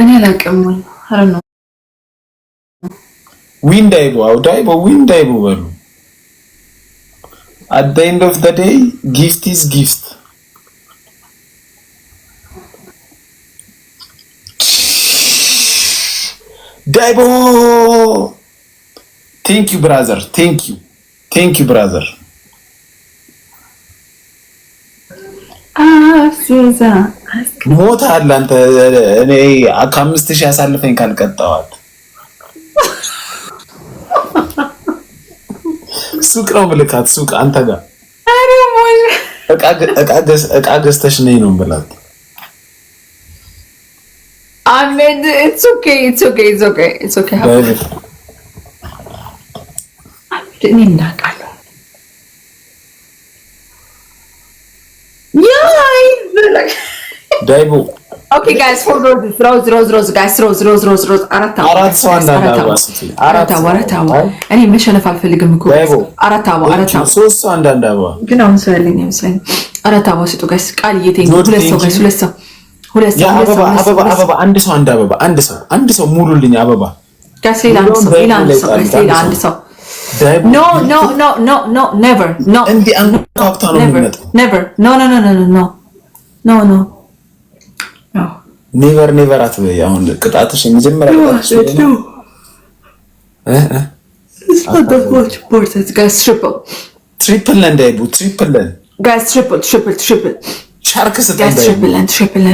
እኔ አላውቅም። ኧረ ነው ዊን ዳይቦ አው ዳይቦ ዊን ዳይቦ በሉ አት ዘ ኤንድ ኦፍ ዘ ዴይ ጊፍት ኢዝ ጊፍት። ዳይቦ ቴንክ ዩ ብራዘር ቴንክ ዩ ቴንክ ዩ ብራዘር ሞታ አለ አንተ እኔ ከአምስት ሺህ አሳልፈኝ ካልቀጣዋት ሱቅ ነው ምልካት ሱቅ አንተ ጋር እቃ ገዝተሽ ነኝ ነው ብላት እናቃል ዳይቦ ኦኬ ጋይስ ፎር ሮዝ ሮዝ ሮዝ ጋይስ ሮዝ ሮዝ ሮዝ ሮዝ አራት አበባ አራት ሰው አንዳንድ አበባ አራት አበባ አራት አበባ እኔ መሸነፍ አልፈልግም እኮ አራት አበባ አራት አበባ ሶስት ሰው አንዳንድ አበባ ግን አሁን ሰው ያለኝ አይመስለኝም። አራት አበባ ስጡ ጋይስ ቃል እየተኝ ሁለት ሰው ጋይስ ሁለት ሰው ሁለት ሰው አበባ አበባ አበባ አንድ ሰው አንድ አበባ አንድ ሰው አንድ ሰው ሙሉልኝ አበባ ጋይስ ሌላ አንድ ሰው ሌላ አንድ ሰው ጋይስ ሌላ አንድ ሰው ኖ ኖ ኖ ኖ ኖ ኔቨር ኖ እንዲህ አንድ ነው የሚመጣው ኔቨር ኖ ኖ ኖ ኖ ኖ ኖ ኖ ኔቨር ኔቨር አትበይ። አሁን ቅጣትሽ የመጀመሪያ ቅጣትሽ ነው ትሪፕል ትሪፕል ትሪፕል ትሪፕል ትሪፕል ትሪፕል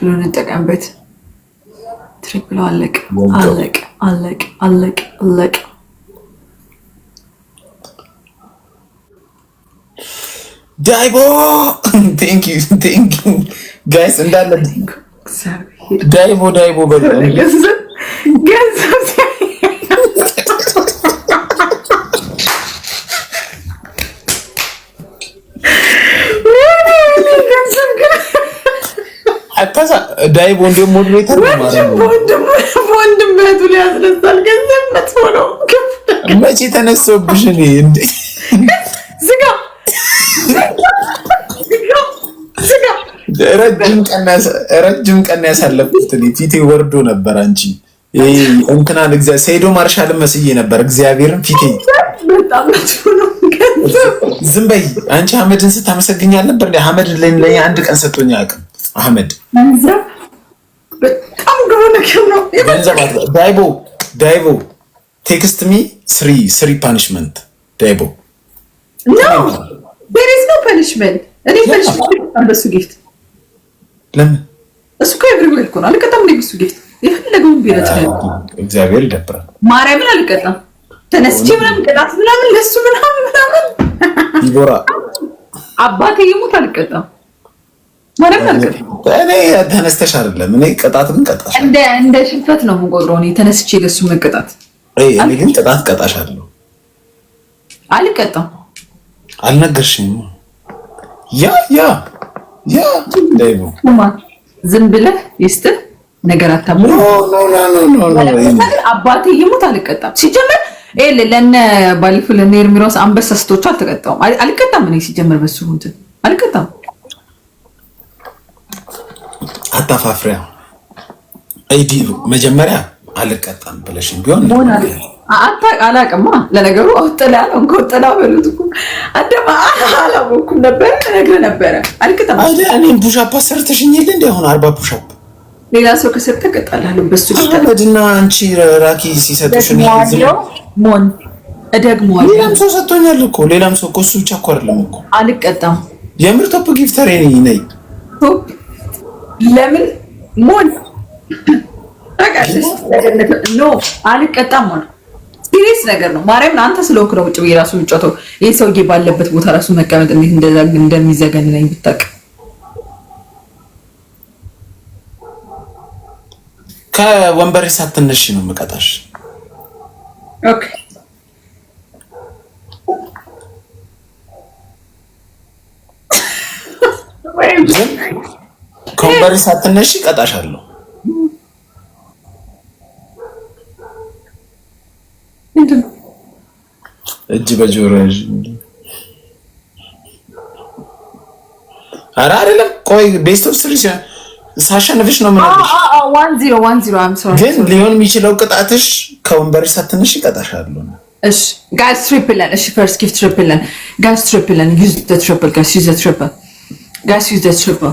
ትሪፕል ትሪፕል Triple Alec, Alec, Alec, Alec, Alec. Daibo! thank you, thank you. Guys, and that's like, Daibo, Daibo, by the way. ዳይብ ወንድም ሞዴሬተር ወንድም እህቱ ሊያስነሳል። ገንዘብ መጥፎ ነው። መቼ ተነሳብሽ? እኔ እንደ ረጅም ቀን ያሳለፍኩት እኔ ፊቴ ወርዶ ነበር። አንቺ እንትናን ሴዶ ማርሻልን መስዬ ነበር። እግዚአብሔርን ፊቴ ዝም በይ አንቺ ሐመድን ስታመሰግኝ አልነበር? ሐመድ ለኛ አንድ ቀን ሰጥቶኝ አቅም አህመድ በጣም ዳይቦ ዳይቦ ቴክስት ሚ ስሪ ስሪ ፓኒሽመንት ዳይቦ ፐኒሽመንት እኔ ፐኒሽመንት በሱ ጊፍት ለምን እሱ ከብሪ እኮ ነው። አልቀጣም እንደ ጊፍት የፈለገውን እግዚአብሔር ይደብራል። ማርያምን አልቀጣም ተነስቼ ምናምን ምናምን ለሱ ምናምን ምናምን ይጎራ አባቴ ይሙት አልቀጣም እኔ ተነስተሽ አይደለም እኔ ቅጣት ግን ቀጣሽ እንደ ሽንፈት ነው የምቆጥረው። እኔ ተነስቼ ለሱ መቀጣት እኔ ግን ቅጣት ቀጣሻለሁ። አልቀጣም አልነገርሽኝ። ያ ያ ያ ዝም ብለህ ይስጥህ ነገር አታምሩ። አባቴ ይሙት አልቀጣም። ሲጀመር ለነ ባለፈው ለነ ኤርሚራስ አንበሳ ስቶቹ አልተቀጣም አልቀጣም። እኔ ሲጀመር በሱ እንትን አልቀጣም አታፋፍሪያ አይዲ መጀመሪያ አልቀጣም ብለሽም ቢሆን አላቅማ። ለነገሩ ጥላ ነው እንኮ ጥላ በሉት እኮ አደማ አላወኩም ነበረ ነግረ ነበረ አልቅጠም እኔም ፑሻፕ ሰርተሽኝል እንዲ ሆነ አርባ ፑሻፕ ሌላ ሰው ከሰጠ እቀጣላለሁ። በሱ ና አንቺ ራኪ ሲሰጡሽ ሞን ደግሞ ሌላም ሰው ሰጥቶኛል እኮ ሌላም ሰው እኮ እሱ ብቻ እኮ አይደለም እኮ አልቀጣም። የምር ቶፕ ጊፍተር ነይ ቶፕ ለምን ሞን ኖ አልቀጣም ሆነ ሲሪየስ ነገር ነው። ማርያምን አንተ ስለሆንክ ነው ውጭ ብዬ ራሱ የምጫወተው። ይህ ሰውዬ ባለበት ቦታ ራሱ መቀመጥ እንዴት እንደሚዘገንነኝ ብታውቅ። ከወንበሬ ሳትነሽ ነው የምቀጣሽ። ኦኬ ወይም ከወንበር ሳትነሽ ቀጣሻለሁ። እጅ በጆሮ ኧረ አይደለም። ቆይ ቤስት ኦፍ ስሪ ሳሸንፍሽ ነው ምናልሽ ግን ሊሆን የሚችለው ቅጣትሽ ከወንበር ሳትነሽ ይቀጣሻሉ። እሺ ጋይስ ትሪፕልን። እሺ ፈርስት ጊፍት ትሪፕልን። ጋይስ ትሪፕልን ዩዝ ዘ ትሪፕል ጋይስ ዩዝ ዘ ትሪፕል ጋይስ ዩዝ ዘ ትሪፕል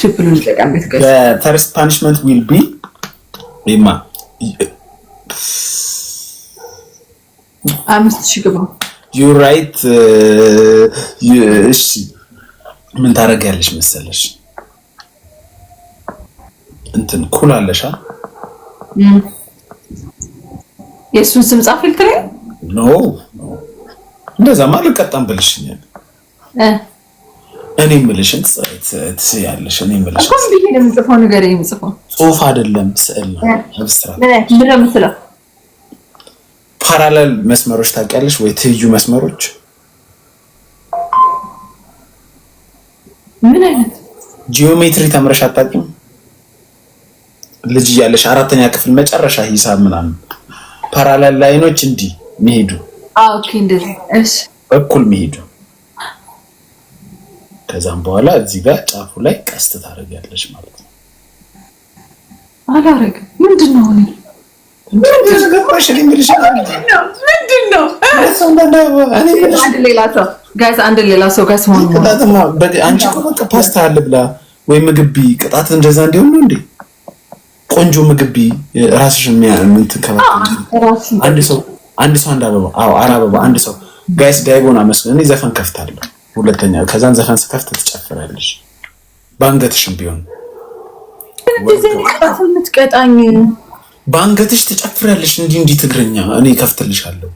ፈርስት ፓኒሽመንት ዊል ቢ ማ አምስት ሺህ ግባ ዩ ራይት። uh, እሺ ምን ታደርጊያለሽ መሰለሽ እንትን ኩል አለሻ የእሱን ስም ጻፍ ፊልትሬ ኖ እንደዛማ ልቀጣም ብልሽኛል እኔ ምልሽን ትስያለሽ። እኔ ምልሽ የምጽፈው ነገር የምጽፈው ጽሁፍ አይደለም፣ ስዕል ነው። አብስትራክት ፓራለል መስመሮች ታውቂያለሽ ወይ? ትይዩ መስመሮች ምን አይነት ጂኦሜትሪ ተምረሽ አታውቂም? ልጅ እያለሽ አራተኛ ክፍል መጨረሻ ሂሳብ ምናምን ፓራለል ላይኖች እንዲህ መሄዱ፣ እኩል መሄዱ ከዛም በኋላ እዚህ ጋር ጫፉ ላይ ቀስት ታደርጊያለሽ ማለት ነው። አላረግም። ምንድን ነው እኔ አንድ ሌላ ሰው ጋር ሲሆን አንቺ እኮ በቃ ፓስታ አለ ብላ ወይ ምግቢ ቅጣት እንደዛ እንዲሆን ነው እንዴ? ቆንጆ ምግቢ ራስሽን አንድ ሰው አንድ ሰው አንድ አበባ አዎ፣ አራ አበባ አንድ ሰው ጋይስ ዳይጎን አመስግን። እኔ ዘፈን ከፍታለሁ ሁለተኛ ከዛን ዘፈን ስከፍት ትጨፍራለሽ። በአንገትሽም ቢሆን ምትቀጣኝ በአንገትሽ ትጨፍራለሽ። እንዲህ እንዲህ ትግርኛ እኔ ከፍትልሻለሁ።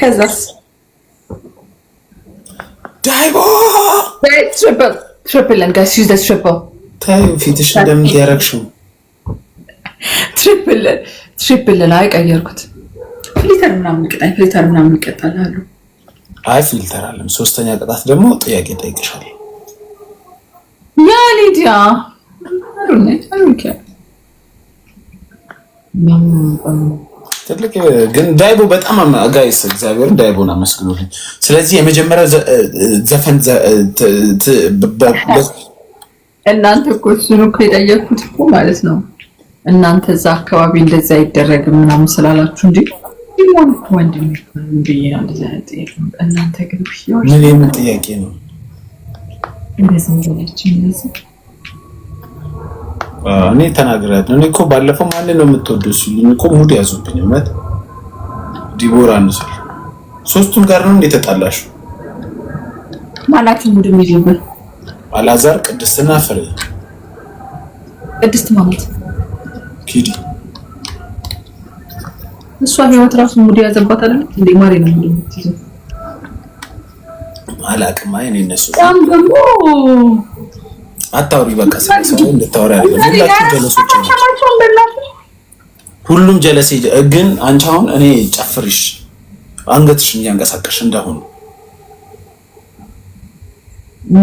ከዛስ ዳይቦ ጋይስ ዩዝ ትሪፕል ታዩ ፊትሽ እንደምን ያረግሽው አይቀየርኩት ፊልተር ምናምን ቅጣኝ፣ ፊልተር ምናምን ይቀጣል አሉ። አይ ፊልተር አለም። ሶስተኛ ቅጣት ደግሞ ጥያቄ ጠይቅሻል። ያ ሊዲያ ትልቅ ግን ዳይቦ በጣም ጋይስ እግዚአብሔርን ዳይቦን አመስግኑልኝ። ስለዚህ የመጀመሪያው ዘፈን እናንተ እኮ እሱን እኮ የጠየኩት እኮ ማለት ነው እናንተ እዛ አካባቢ እንደዛ አይደረግም ምናምን ስላላችሁ እንጂ ሊሆን እኮ ብዬ ነው እንደዚህ አይነት ጥያቄ። እናንተ ግን ምን የምን ጥያቄ ነው? እንደዚህ ንገላችን እነዚህ እኔ እኔ እኮ ባለፈው ማንን ነው የምትወደው ሲሉኝ እኮ ሙድ ያዙብኝ። እውነት ዲቦራ ሶስቱም ጋር ነው እንደተጣላሹ ማለት ሙድ የሚሉብን አላዛር፣ ቅድስትና ፍሬ ቅድስት ማለት ኪዲ እሷ ህይወት ራሱ ሙድ ያዘባት አይደል እንዴ? ማሪ ነው ሙድ የምትይዘው። አላቅም። አይ እኔ እነሱ በጣም ደግሞ አታውሪ፣ በቃ ስለሰው እንድታወሪ አይደለም። ሁላችሁም ጀለሶች ሁሉም ጀለሴ። ግን አንቺ አሁን እኔ ጨፍርሽ አንገትሽ እያንቀሳቀሽ እንዳሁኑ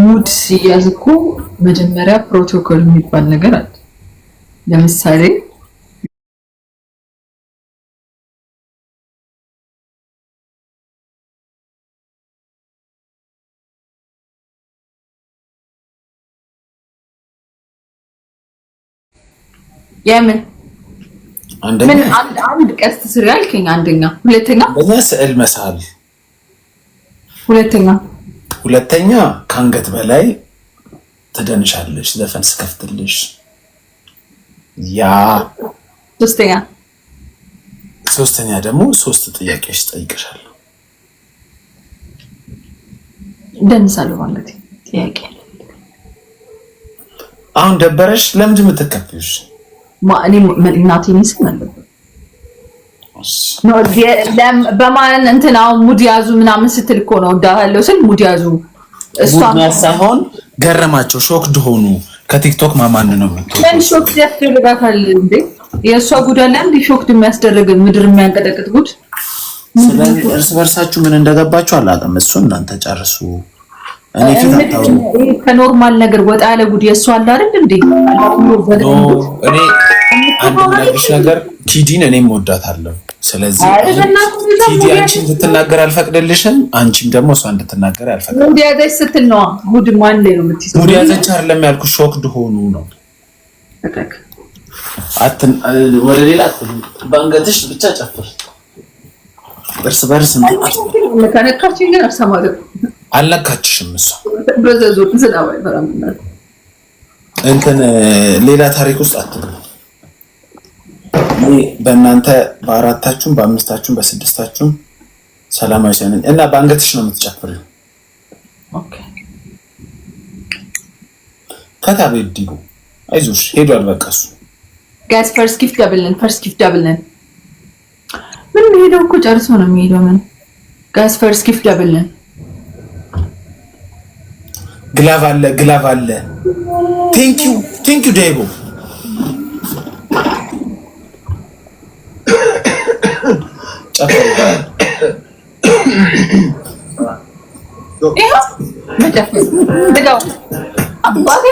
ሙድ ሲያዝ እኮ መጀመሪያ ፕሮቶኮል የሚባል ነገር አለ። ለምሳሌ የምን አንድ ቀስት ስሪ አልከኝ። አንደኛ ሁለተኛ ስዕል መሳል ሁለተኛ ሁለተኛ ከአንገት በላይ ትደንሻለሽ፣ ዘፈን ስከፍትልሽ። ያ ሶስተኛ ሶስተኛ ደግሞ ሶስት ጥያቄዎች ጠይቅሻለሁ። ደንሳለሁ ማለት ጥያቄ አሁን ደበረሽ፣ ለምንድን የምትከፍዩሽ? እናቴ በማን ሙድ ያዙ ምናምን ስትል እኮ ነው ስል ሙድ ያዙ ሳይሆን ገረማቸው ሾክድ ሆኑ። ከቲክቶክ ማማን ነው ምን ሾክ ያስደርጋታል እንዴ? የእሷ ሾክድ የሚያስደርግ ምድር የሚያንቀጠቅጥ ጉድ። እርስ በርሳችሁ ምን እንደገባችሁ አላውቅም። እሱ እናንተ ጨርሱ። ከኖርማል ነገር ወጣ ያለ ጉድ የእሱ አለ አይደል እንዴ? እኔ አንድ ምናግሽ ነገር ቲዲን እኔም ወዳታለሁ። ስለዚህ ቲዲ አንቺ እንድትናገር አልፈቅድልሽም፣ አንቺም ደግሞ እሷ እንድትናገር አልፈቅድልሽም። ያዘች ስትል ነዋ። ጉድ ማን ላይ ነው የምትይዘው? ጉድ ያዘች አይደለም ያልኩሽ፣ ሾክድ ሆኑ ነው። ወደ ሌላ በአንገትሽ ብቻ ጨፍር እርስ በርስ ከነካችን ግን አልሰማሁም። አልነካችሽም። እሷ እንትን ሌላ ታሪክ ውስጥ አትግቡ። በእናንተ በአራታችሁም በአምስታችሁም በስድስታችሁም ሰላማዊ ሰው እና በአንገትሽ ነው የምትጨፍሪው። ከታቤ ዲቡ አይዞሽ ሄዷል። በቃ እሱ ጋዝ ፈርስት ጊፍት ደብል ነን፣ ፈርስት ጊፍት ደብል ምን ሄደው እኮ ጨርሶ ነው የሚሄደው። ምን ጋዝ ፈርስ ጊፍት ደብልን ግላቭ አለ ግላቭ አለ። ቴንክ ዩ ቴንክ ዩ ዳይቦ አባቴ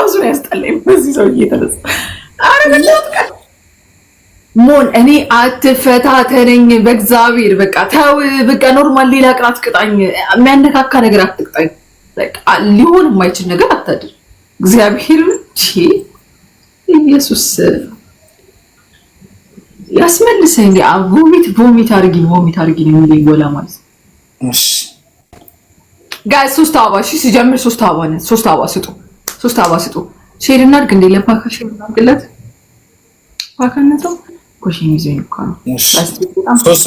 ራሱን ያስጠላኝ በዚህ ሰውዬ የተነሳ። ኧረ በእናትህ ቀን ሞን እኔ አትፈታተነኝ በእግዚአብሔር በቃ ተው፣ በቃ ኖርማል ሌላ ቀን አትቅጣኝ፣ የሚያነካካ ነገር አትቅጣኝ፣ በቃ ሊሆን የማይችል ነገር አታድር። እግዚአብሔር ኢየሱስ ያስመልሰኝ። ቮሚት ቮሚት አድርጊ ቮሚት አድርጊ ነው የሚለኝ ጎላ ማለት ነው። ጋ ሶስት አበባ ሲጀምር ሶስት አበባ ሶስት አበባ ስጡ ሶስት አበባ ስጡ። ሼድ እናድርግ እንዴ ለፓካ ሼድ እናድርግለት። ፓካነቱ ኮሽን እኮ ነው።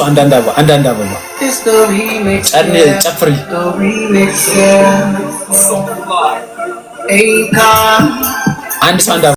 አንዳንድ አበባ አንዳንድ አበባ ጨፍሪ አንድ ሰው አንድ